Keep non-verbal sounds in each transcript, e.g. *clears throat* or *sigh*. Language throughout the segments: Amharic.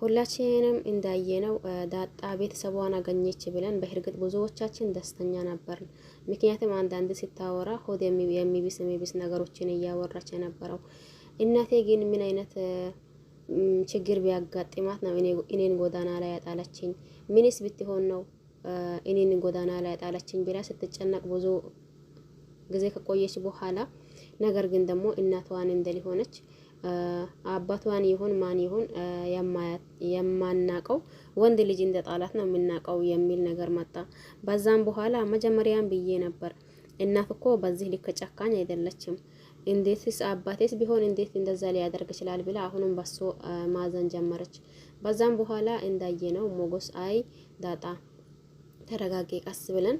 ሁላችንም እንዳየነው ዳጣ ቤተሰቧን አገኘች ብለን በእርግጥ ብዙዎቻችን ደስተኛ ነበርን። ምክንያቱም አንዳንድ ስታወራ ሆድ የሚብስ የሚብስ ነገሮችን እያወራች የነበረው። እናቴ ግን ምን አይነት ችግር ቢያጋጥማት ነው እኔን ጎዳና ላይ ያጣለችኝ? ምንስ ብትሆን ነው እኔን ጎዳና ላይ ያጣለችኝ ብላ ስትጨነቅ ብዙ ጊዜ ከቆየች በኋላ ነገር ግን ደግሞ እናቷን እንደሊሆነች አባቷን ይሁን ማን ይሁን የማናቀው ወንድ ልጅ እንደ ጣላት ነው የምናቀው የሚል ነገር መጣ። በዛም በኋላ መጀመሪያም ብዬ ነበር እናት እኮ በዚህ ልክ ጨካኝ አይደለችም። እንዴትስ አባቴስ ቢሆን እንዴት እንደዛ ሊያደርግ ይችላል ብላ አሁንም በሶ ማዘን ጀመረች። በዛም በኋላ እንዳየ ነው ሞጎስ አይ ዳጣ ተረጋጊ፣ ቀስ ብለን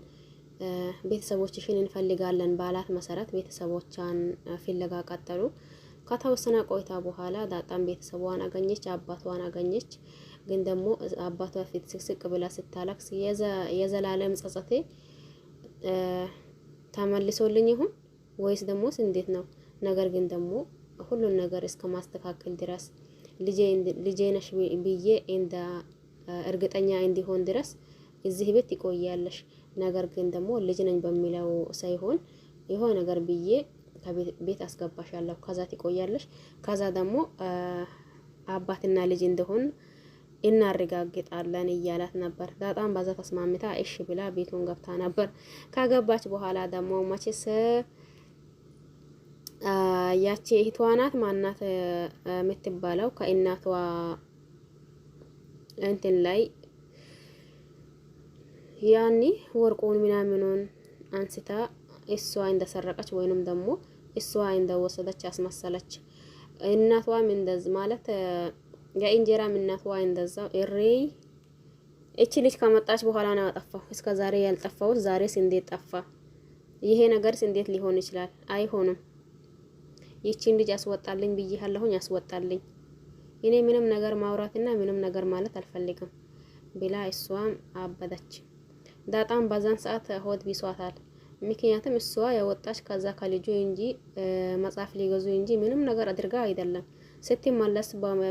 ቤተሰቦችሽን እንፈልጋለን ባላት መሰረት ቤተሰቦቿን ፍለጋ ቀጠሉ። ከተወሰነ ቆይታ በኋላ ዳጣም ቤተሰቧን አገኘች፣ አባቷን አገኘች። ግን ደግሞ አባቷ ፊት ስቅስቅ ብላ ስታለቅስ የዘላለም ጸጸቴ ተመልሶልኝ ይሁን ወይስ ደግሞስ እንዴት ነው? ነገር ግን ደግሞ ሁሉን ነገር እስከ ማስተካከል ድረስ ልጄ ነሽ ብዬ እንደ እርግጠኛ እንዲሆን ድረስ እዚህ ቤት ይቆያለሽ። ነገር ግን ደግሞ ልጅ ነኝ በሚለው ሳይሆን የሆነ ነገር ብዬ ቤት ያለው ከዛ ትቆያለሽ፣ ከዛ ደግሞ አባትና ልጅ እንደሆን እናረጋግጣለን እያላት ነበር። በጣም በዛ ተስማምታ እሺ ብላ ቤቱን ገብታ ነበር። ከገባች በኋላ ደግሞ መቼስ ያቺ እህቷ ናት ማናት የምትባለው ከእናቷ እንትን ላይ ያኒ ወርቁን ምናምኑን አንስታ እሷ እንደሰረቀች ወይንም ደግሞ እሷ እንደወሰደች አስመሰለች። እናቷም እንደዚህ ማለት የእንጀራም እናቷ እንደዛ እሬ እቺ ልጅ ከመጣች በኋላ ነው ያጠፋው። እስከ ዛሬ ያልጠፋውት ዛሬስ እንዴት ጠፋ? ይሄ ነገርስ እንዴት ሊሆን ይችላል? አይሆንም። ይቺን ልጅ አስወጣልኝ ብዬሃለሁኝ፣ አስወጣልኝ። እኔ ምንም ነገር ማውራትና ምንም ነገር ማለት አልፈልግም ብላ እሷም አበደች። ዳጣም በዛን ሰዓት ሆድ ቢሷታል። ምክንያቱም እሷ የወጣች ከዛ ከልጁ እንጂ መጽሐፍ ሊገዙ እንጂ ምንም ነገር አድርጋ አይደለም። ስትመለስ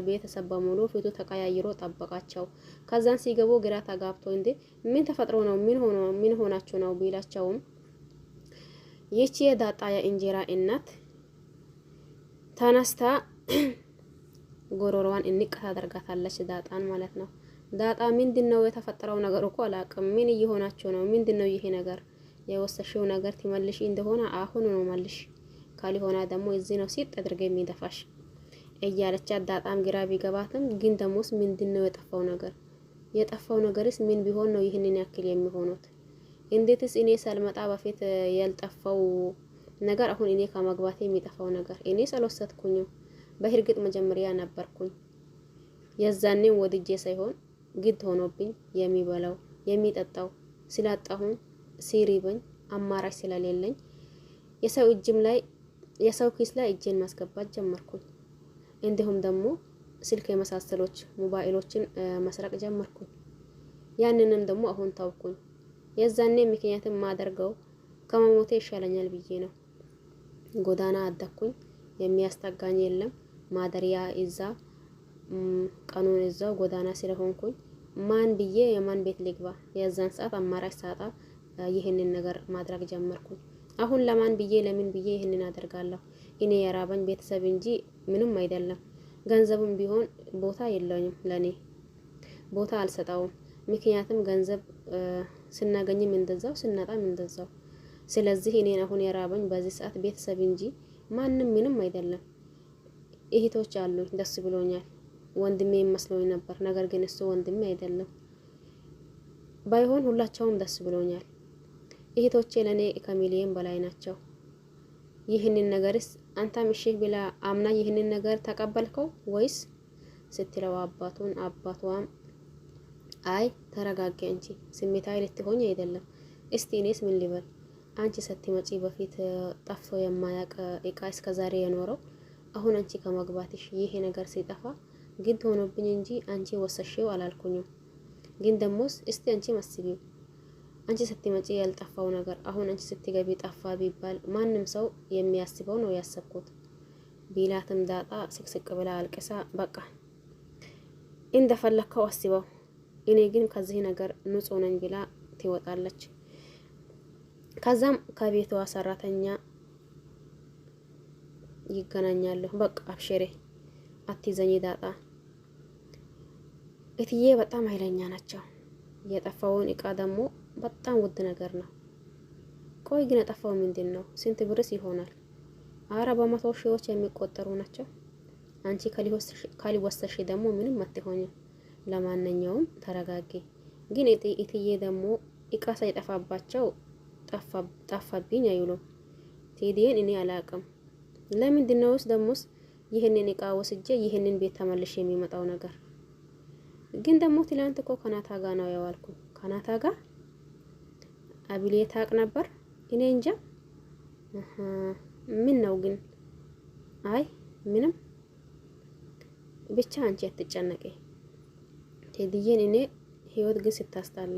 ቤተሰብ በሙሉ ፊቱ ተቀያይሮ ጠበቃቸው። ከዛን ሲገቡ ግራ ተጋብቶ እንዴ ምን ተፈጥሮ ነው? ምን ሆኖ ምን ሆናችሁ ነው ቢላቸውም ይቺ የዳጣ የእንጀራ እናት ተነስታ ጎሮሮዋን *clears throat* እንቅ ታደርጋታለች። ዳጣን ማለት ነው። ዳጣ ምንድነው የተፈጠረው ነገር እኮ አላቅም። ምን እየሆናችሁ ነው? ምንድነው ይሄ ነገር የወሰሽው ነገር ትመልሽ እንደሆነ አሁን ነው መልሽ፣ ካልሆነ ደግሞ እዚህ ነው ሲጥ አድርገ የሚደፋሽ እያለች አዳጣም ግራ ቢገባትም ግን ደሞስ ምንድን ነው የጠፋው ነገር? የጠፋው ነገርስ ምን ቢሆን ነው ይህንን ያክል የሚሆኑት? እንዴትስ እኔ ሳልመጣ በፊት ያልጠፋው ነገር አሁን እኔ ከመግባቴ የሚጠፋው ነገር? እኔ አልወሰድኩኝም። በእርግጥ መጀመሪያ ነበርኩኝ የዛኔም ወድጄ ሳይሆን ግድ ሆኖብኝ የሚበላው የሚጠጣው ስላጣሁን ሲሪበኝ አማራጭ ስለሌለኝ የሰው እጅም ላይ የሰው ኪስ ላይ እጄን ማስገባት ጀመርኩኝ። እንዲሁም ደግሞ ስልክ የመሳሰሎች ሞባይሎችን መስረቅ ጀመርኩኝ። ያንንም ደግሞ አሁን ታውኩኝ። የዛኔ ምክንያትም ማደርገው ከመሞቴ ይሻለኛል ብዬ ነው። ጎዳና አደኩኝ። የሚያስጠጋኝ የለም። ማደሪያ እዛ ቀኑን እዛው ጎዳና ስለሆንኩኝ ማን ብዬ የማን ቤት ልግባ? የዛን ሰዓት አማራጭ ሳጣ ይህንን ነገር ማድረግ ጀመርኩ። አሁን ለማን ብዬ ለምን ብዬ ይህንን አደርጋለሁ? እኔ የራበኝ ቤተሰብ እንጂ ምንም አይደለም። ገንዘብም ቢሆን ቦታ የለኝም፣ ለኔ ቦታ አልሰጠውም። ምክንያቱም ገንዘብ ስናገኝም እንደዛው ስናጣም እንደዛው። ስለዚህ እኔን አሁን የራበኝ በዚህ ሰዓት ቤተሰብ እንጂ ማንም ምንም አይደለም። እህቶች አሉኝ፣ ደስ ብሎኛል። ወንድሜ መስሎኝ ነበር፣ ነገር ግን እሱ ወንድሜ አይደለም። ባይሆን ሁላቸውም ደስ ብሎኛል። እህቶቼ ለእኔ ከሚሊየን በላይ ናቸው። ይህንን ነገርስ አንተም እሺ ብላ አምና ይህንን ነገር ተቀበልከው ወይስ ስትለው አባቱን አባቷም አይ ተረጋጊ አንቺ ስሜታዊ ልትሆኝ አይደለም። እስቲ እኔስ ምን ልበል አንቺ መጪ በፊት ጠፍቶ የማያውቅ እቃ እስከ ዛሬ የኖረው አሁን አንቺ ከመግባትሽ ይሄ ነገር ሲጠፋ ግድ ሆኖብኝ እንጂ አንቺ ወሰሽው አላልኩኝም። ግን ደሞስ እስቲ አንቺ መስቢው አንቺ ስትመጪ ያልጠፋው ነገር አሁን አንቺ ስትገቢ ጠፋ ቢባል ማንም ሰው የሚያስበው ነው ያሰብኩት ቢላትም ዳጣ ስቅስቅ ብላ አልቅሳ በቃ እንደፈለግከው አስበው፣ እኔ ግን ከዚህ ነገር ንጹህ ነኝ ብላ ትወጣለች። ከዛም ከቤቷ ሰራተኛ ይገናኛሉ። በቃ አብሽሬ አትዘኝ ዳጣ፣ እትዬ በጣም ኃይለኛ ናቸው። የጠፋውን እቃ ደግሞ Baaxxaan guddina gar nahu! gina eegina mindina sinti Siinti birrisii, honaal! Araba matoo ishee hojii aamiin qo'xaruu nachaaf? Ancii kali wasashee dammuu minumatti hona! Lamaananya'uun taragaage! Eegina itiyee dammuu iqaasa ixaffa habachaa uffa xaffabbiin inni alaa qabu. Lammiin dinaawus dammuus yihiin inni qaawas ijjee yihiin inni beektaa mallashee miima xaawuna gari! Eegin dammuuti ilaanta kookanaa ta'a gaanaa yoo halku! Kanaataa gaa? አቢል የታቅ ነበር። እኔ እንጃ። ምን ነው ግን? አይ ምንም። ብቻ አንቺ አትጨነቂ ቴዲዬን። እኔ ህይወት ግን ስታስጣላ፣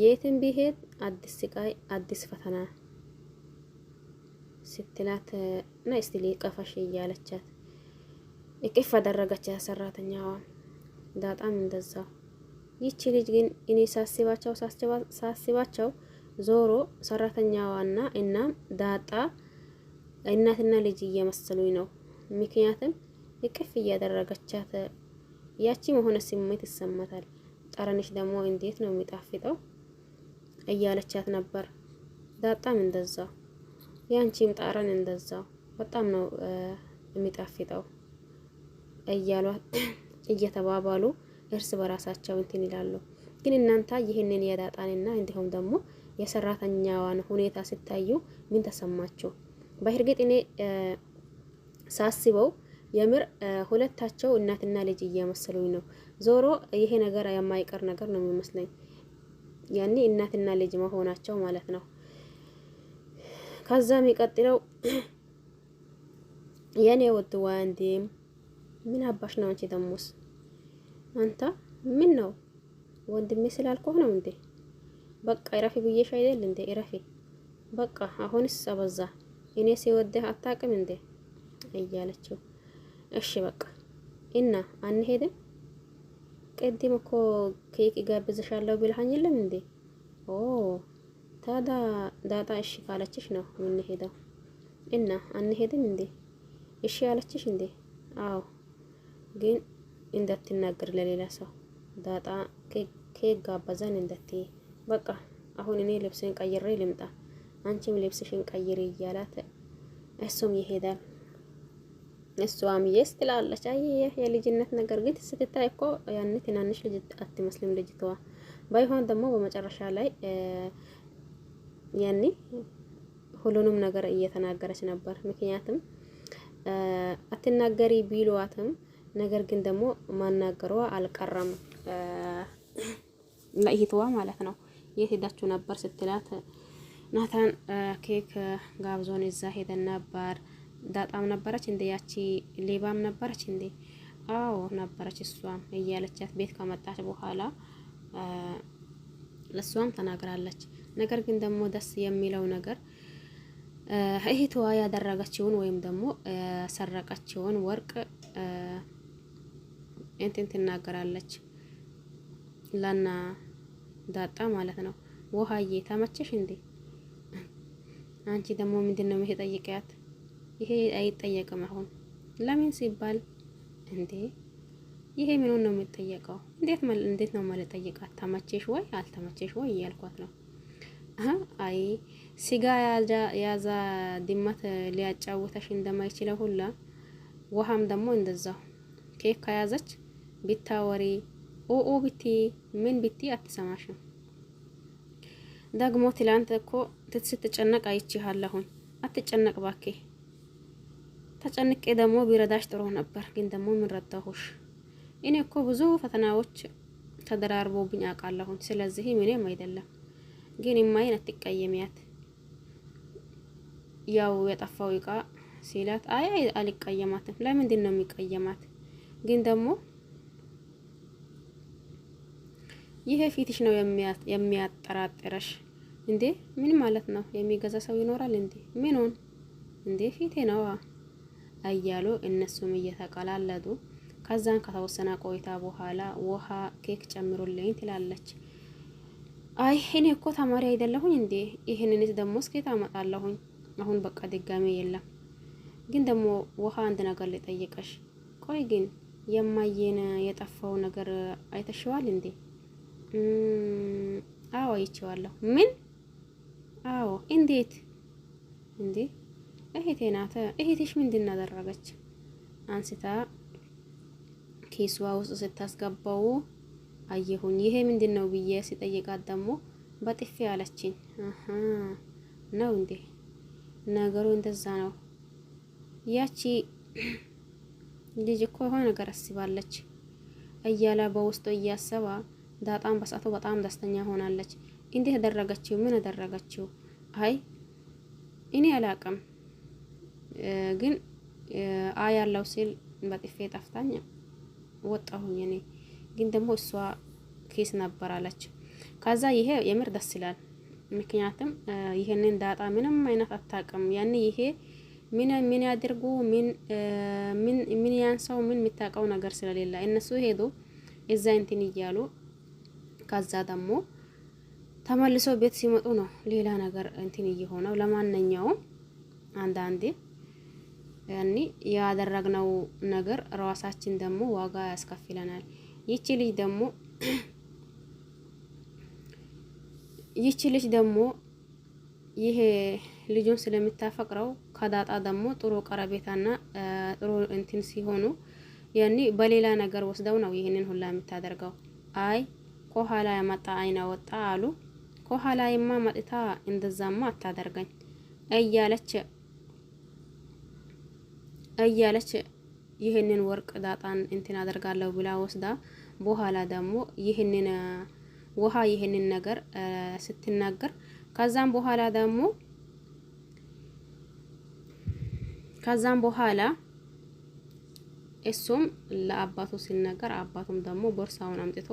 የትም ቢሄድ አዲስ ስቃይ፣ አዲስ ፈተና ስትላት ና እስቲ ሊቀፋሽ እያለቻት እቅፍ አደረገች ሰራተኛዋ ዳጣም እንደዛው ይቺ ልጅ ግን እኔ ሳስባቸው ሳስባቸው ዞሮ ሰራተኛዋና እና ዳጣ እናትና ልጅ እየመሰሉኝ ነው። ምክንያትም እቅፍ እያደረገቻት ያቺ መሆነ ስሜት ይሰማታል። ጠረንሽ ደግሞ እንዴት ነው የሚጣፍጠው እያለቻት ነበር። ዳጣም እንደዛው፣ ያንቺም ጠረን እንደዛው በጣም ነው የሚጣፍጠው እያሏት *clears throat* እየተባባሉ እርስ በራሳቸው እንትን ይላሉ። ግን እናንተ ይህንን የዳጣንና እንዲሁም ደግሞ የሰራተኛዋን ሁኔታ ሲታዩ ምን ተሰማችሁ? በእርግጥ እኔ ሳስበው የምር ሁለታቸው እናትና ልጅ እየመሰሉኝ ነው። ዞሮ ይሄ ነገር የማይቀር ነገር ነው የሚመስለኝ ያኔ እናትና ልጅ መሆናቸው ማለት ነው። ከዛ የሚቀጥለው *clears throat* የኔ ወድ ወንድም ምን አባሽ ነው አንቺ ደሞስ Waantaa? Minna ooo! Waanti immoo si ilaalkoo ooo na hundee? Baqqa! Irafi biyyee ishee adeelile! Irafi! Baqqa! Ahoonis! Sabaza! Innis! Iwaanti! Hattaa! Qinde! Iyyaa laachoo! Ishee baqqa! Inna! Anni hidhi! Qeddii moko kee! Gaabbeen! Sashaan! Ilaa! Bilha! Hanyi! Ilaa hundee! Ooo! Taadaa! Daadhaa! Ishee kaalaa! Cishni ooo! Minna ooo! Inna! Anni hidhi! Indee! Ishee yaala እንዳትናገር ለሌላ ሰው ዳጣ ኬክ ጋበዛን እንዳትይ። በቃ አሁን እኔ ልብስን ቀይሬ ልምጣ፣ አንቺም ልብስሽን ቀይሬ እያላት እሱም ይሄዳል። እሷም የስ ትላለች። አይ የልጅነት ነገር ግን ስትታይ እኮ ያን ትናንሽ ልጅ አትመስልም ልጅቷ። ባይሆን ደግሞ በመጨረሻ ላይ ያኔ ሁሉንም ነገር እየተናገረች ነበር። ምክንያቱም አትናገሪ ቢሏትም ነገር ግን ደግሞ ማናገሯ አልቀረም። ለእህትዋ ማለት ነው። የት ሄዳችሁ ነበር ስትላት ናታን ኬክ ጋብዞን እዛ ሄደን ነበር። ዳጣም ነበረች እንዴ? ያቺ ሌባም ነበረች እንዴ? አዎ ነበረች እሷም እያለቻት ቤት ከመጣች በኋላ ለእሷም ተናግራለች። ነገር ግን ደግሞ ደስ የሚለው ነገር እህትዋ ያደረገችውን ወይም ደግሞ ሰረቀችውን ወርቅ እንትን ትናገራለች ላና ዳጣ ማለት ነው። ውሃዬ ተመቸሽ እንዴ? አንቺ ደግሞ ምንድን ነው ይሄ ጠይቀያት ይሄ አይጠየቅም። አሁን ለምን ሲባል እንዴ ይሄ ምን ነው የሚጠየቀው? እንዴት ማለት እንዴት ነው ማለት ጠይቃት። ተመቸሽ ወይ አልተመቸሽ ወይ እያልኳት ነው። አይ ስጋ ያዛ ድመት ሊያጫውተሽ እንደማይችለው ሁላ ውሃም ደግሞ እንደዛው ኬክ ከያዘች ብታወሪ ኦኦ ብቲ ምን ብቲ አትሰማሽም። ደግሞ ትላንት እኮ ስትጨነቅ አይቼሃለሁኝ። አትጨነቅ ባኬ። ተጨንቄ ደግሞ ቢረዳሽ ጥሩ ነበር፣ ግን ደግሞ ምን ረዳሁሽ? እኔ እኮ ብዙ ፈተናዎች ተደራርቦብኝ አውቃለሁኝ። ስለዚህ ምንም አይደለም። ግን እማዬን አትቀየሚያት። ያው የጠፋው እቃ ሲላት አይ አልቀየማትም። ለምንድን ነው የሚቀየማት? ግን ደግሞ ይሄ ፊትሽ ነው የሚያጠራጥረሽ እንዴ? ምን ማለት ነው? የሚገዛ ሰው ይኖራል እንዴ? ምኑን እንዴ? ፊቴ ነዋ እያሉ እነሱም እየተቀላለጡ ከዛን ከተወሰነ ቆይታ በኋላ ውሃ ኬክ ጨምሩልኝ ትላለች። አይ እኔ እኮ ተማሪ አይደለሁኝ እንዴ? ይህንንስ ደግሞ እስኬት አመጣለሁኝ። አሁን በቃ ድጋሜ የለም። ግን ደግሞ ውሃ አንድ ነገር ልጠይቀሽ። ቆይ ግን የማየን የጠፋው ነገር አይተሽዋል እንዴ? አዎ አይቼዋለሁ። ምን? አዎ። እንዴት? እንዴ እህቴ ናት። እህትሽ ምንድን አደረገች? አንስታ ኬሷ ውስጥ ስታስገባው አየሁኝ። ይሄ ምንድን ነው ብዬ ሲጠይቃት ደግሞ በጥፊ አለችኝ። አሀ ነው እንዴ? ነገሩ እንደዛ ነው። ያቺ ልጅ እኮ የሆነ ነገር አስባለች እያለ በውስጡ እያሰባ ዳጣም በሰዓቱ በጣም ደስተኛ ሆናለች። እንዲህ ያደረገችው ምን ያደረገችው? አይ እኔ አላቅም፣ ግን አይ ያለው ሲል በጥፌ ጠፍታኝ ወጣሁኝ። እኔ ግን ደግሞ እሷ ኬስ ነበር አለች። ከዛ ይሄ የምር ደስ ይላል። ምክንያቱም ይሄንን ዳጣ ምንም አይነት አታቅም። ያን ይሄ ምን ምን ያድርጉ ምን ምን ያንሰው ምን የሚታቀው ነገር ስለሌለ እነሱ ሄዱ እዛ እንትን እያሉ ከዛ ደግሞ ተመልሰው ቤት ሲመጡ ነው ሌላ ነገር እንትን እየሆነው። ለማንኛውም አንዳንዴ ያኒ ያደረግነው ነገር ራሳችን ደግሞ ዋጋ ያስከፍለናል። ይቺ ልጅ ደግሞ *clears throat* ይቺ ልጅ ደግሞ ይሄ ልጁን ስለምታፈቅረው ከዳጣ ደግሞ ጥሩ ቀረቤታና ጥሩ እንትን ሲሆኑ ያኒ በሌላ ነገር ወስደው ነው ይህንን ሁላ የምታደርገው አይ ከኋላ ያመጣ አይነ ወጣ አሉ። ከኋላ የማ መጥታ እንደዛማ አታደርገኝ እያለች እያለች ይህንን ወርቅ ዳጣን እንትን አደርጋለሁ ብላ ወስዳ በኋላ ደግሞ ይህንን ውሃ ይህንን ነገር ስትናገር ከዛም በኋላ ደግሞ ከዛም በኋላ እሱም ለአባቱ ሲነገር አባቱም ደግሞ ቦርሳውን አምጥቶ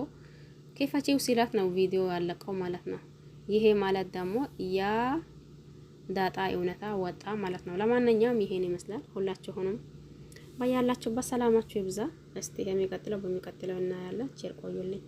ክፈቺው ሲላት ነው ቪዲዮ ያለቀው ማለት ነው። ይሄ ማለት ደግሞ ያ ዳጣ እውነታ ወጣ ማለት ነው። ለማንኛውም ይሄን ይመስላል። ሁላችሁንም በያላችሁበት ሰላማችሁ ይብዛ። እስቲ የሚቀጥለው በሚቀጥለው እናያለን። ቸር ቆዩልኝ።